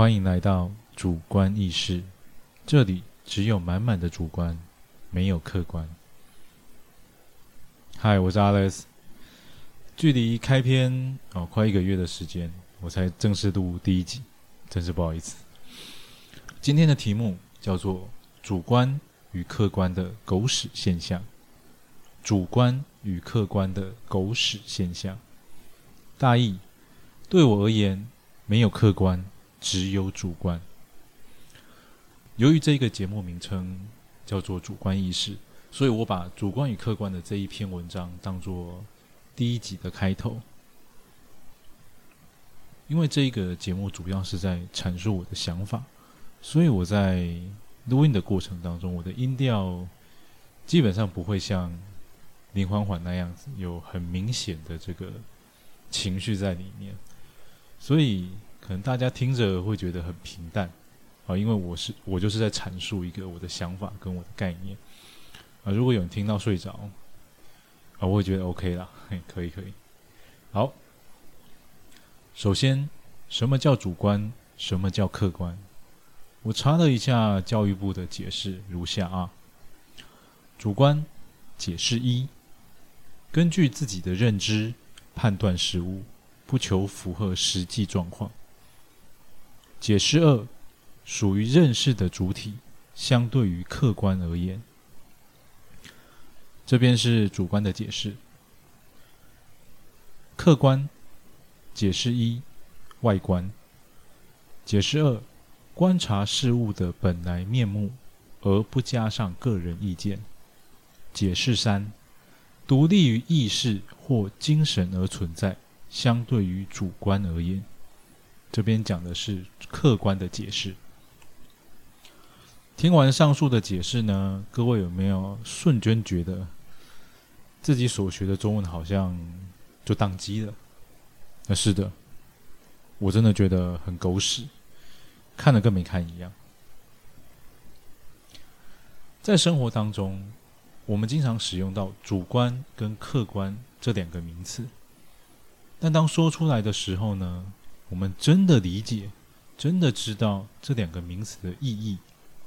歡迎來到主觀意識，這裡只有滿滿的主觀，沒有客觀。嗨，我是 Alex。距離開篇哦，快一個月的時間，我才正式錄第一集，真是不好意思。今天的題目叫做“主觀與客觀的狗屎現象”，主觀與客觀的狗屎現象。大意，對我而言，沒有客觀。只有主觀。由於這個節目名稱叫做“主觀意識”，所以我把“主觀與客觀”的這一篇文章當做第一集的開頭。因為這一個節目主要是在闡述我的想法，所以我在錄音的過程當中，我的音調基本上不會像林歡歡那樣子有很明顯的這個情緒在裡面，所以。可能大家聽着會覺得很平淡啊，因為我是我就是在闡述一個我的想法跟我的概念啊。如果有人聽到睡着啊，我會覺得 OK 了，嘿，可以可以。好，首先什麼叫主觀，什麼叫客觀？我查了一下教育部的解釋如下啊：主觀解釋一，根據自己的認知判斷事物，不求符合實際狀況。解釋二屬於認識的主體，相對於客觀而言，這邊是主觀的解釋。客觀解釋一，外觀；解釋二，觀察事物的本來面目，而不加上個人意見。解釋三，獨立於意識或精神而存在，相對於主觀而言。這邊講的是客觀的解釋。聽完上述的解釋呢，各位有沒有瞬間覺得自己所學的中文好像就當機了？那是的，我真的覺得很狗屎，看了跟沒看一樣。在生活當中，我們經常使用到主觀跟客觀這兩個名詞，但當說出來的時候呢？我們真的理解、真的知道這兩個名詞的意義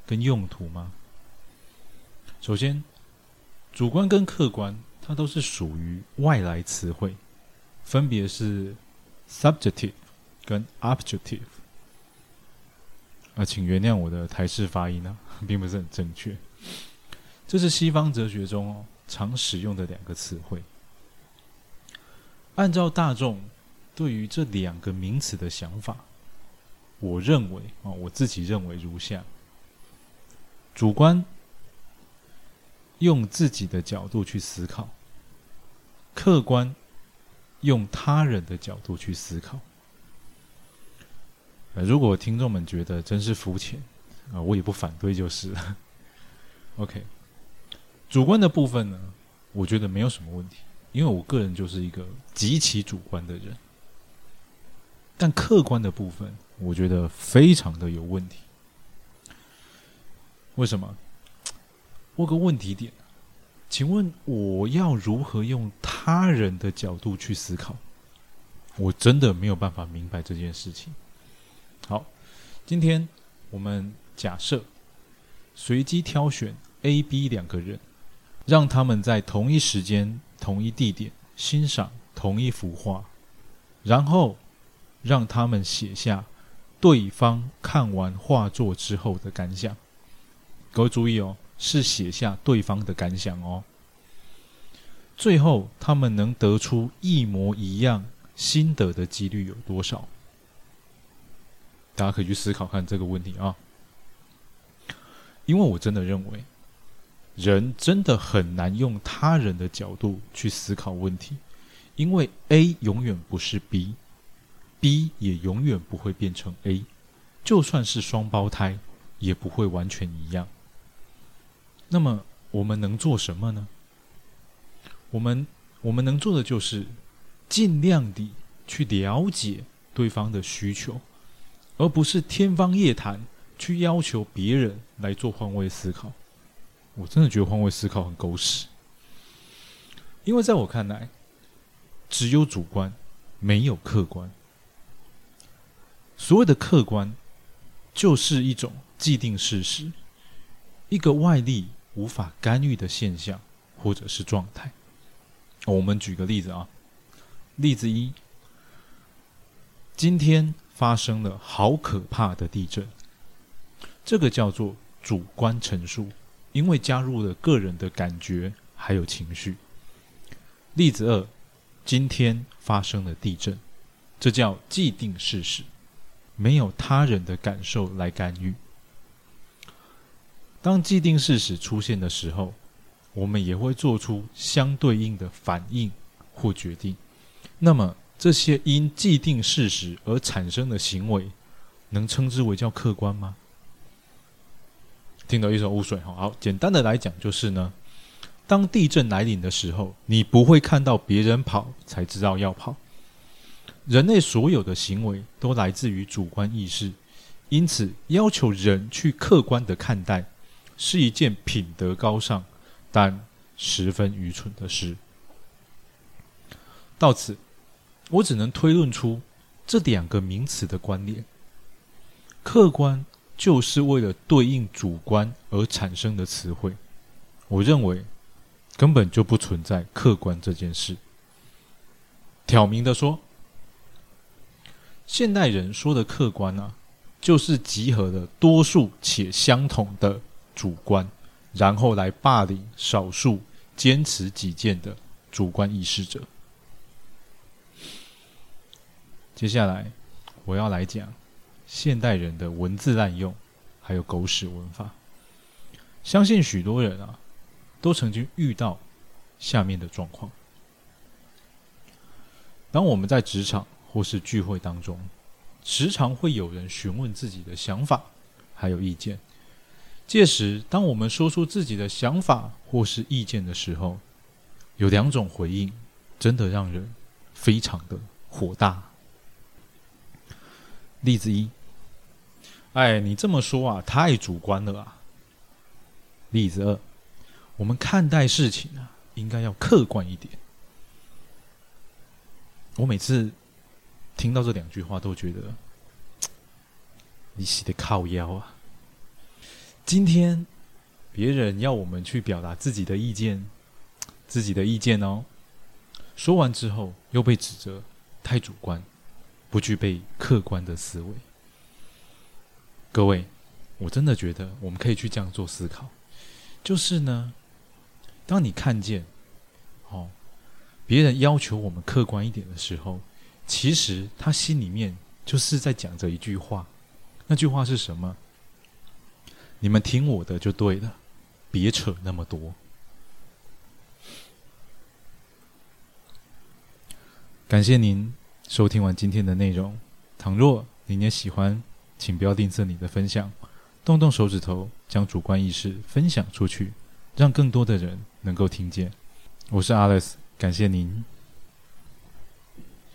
跟用途嗎？首先，主觀跟客觀，它都是屬於外來詞彙，分別是 subjective 跟 objective。啊，請原諒我的台式發音呢、啊，並不是很正確。這是西方哲學中常使用的兩個詞彙。按照大眾，對於這兩個名詞的想法，我認為啊，哦，我自己認為如下：主觀，用自己的角度去思考，客觀，用他人的角度去思考。呃，如果聽眾們覺得真是膚淺啊，我也不反對就是了。 OK，主觀的部分呢，我覺得沒有什麼問題，因為我個人就是一個極其主觀的人。但客觀的部分，我覺得非常的有問題。為什麼？問個問題點，請問我要如何用他人的角度去思考？我真的沒有辦法明白這件事情。好，今天我們假設隨機挑選 A、B 兩個人，讓他們在同一時間、同一地點欣賞同一幅畫，然後。讓他們寫下對方看完畫作之後的感想。各位注意哦，是寫下對方的感想哦。最後，他們能得出一模一樣心得的幾率有多少？大家可以去思考看這個問題啊。因為我真的認為，人真的很難用他人的角度去思考問題，因為 A 永遠不是 B。B 也永遠不會變成 A，就算是雙胞胎，也不會完全一樣。那麼我們能做什麼呢？我們我們能做的就是，盡量地去了解對方的需求，而不是天方夜譚，去要求別人來做換位思考。我真的覺得換位思考很狗屎，因為在我看來，只有主觀，沒有客觀。所謂的客觀，就是一種既定事實，一個外力無法干預的現象或者是狀態。我們舉個例子啊，例子一：今天發生了好可怕的地震，這個叫做主觀陳述，因為加入了個人的感覺還有情緒。例子二：今天發生了地震，這叫既定事實。沒有他人的感受來干預。當既定事實出現的時候，我們也會做出相對應的反應或決定。那麼，這些因既定事實而產生的行為，能稱之為叫客觀嗎？聽到一首污水，好，簡單的來講就是呢，當地震來臨的時候，你不會看到別人跑才知道要跑。人類所有的行為都來自於主觀意識，因此要求人去客觀的看待，是一件品德高尚，但十分愚蠢的事。到此，我只能推論出這兩個名詞的關聯：客觀就是為了對應主觀而產生的詞彙。我認為根本就不存在客觀這件事。挑明的說。現代人說的客觀呢、啊，就是集合了多數且相同的主觀，然後來霸凌少數堅持己見的主觀意識者。接下來我要來講現代人的文字濫用，還有狗屎文法。相信許多人啊，都曾經遇到下面的狀況：當我們在職場。或是聚會當中，時常會有人詢問自己的想法，還有意見。屆時，當我們說出自己的想法或是意見的時候，有兩種回應，真的讓人非常的火大。例子一：哎，你這麼說啊，太主觀了啊！例子二：我們看待事情啊，應該要客觀一點。我每次。聽到這兩句話都覺得，哩西勒靠邀啊！今天別人要我們去表達自己的意見，自己的意見哦。說完之後又被指責太主觀，不具備客觀的思維。各位，我真的覺得我們可以去這樣做思考，就是呢，當你看見，哦，別人要求我們客觀一點的時候。其實他心裡面就是在講着一句話，那句話是什麼？你們聽我的就對了，別扯那麼多。感謝您收聽完今天的內容，倘若您也喜歡，請不要吝嗇你的分享，動動手指頭，將主觀意識分享出去，讓更多的人能夠聽見。我是 Alice，感謝您。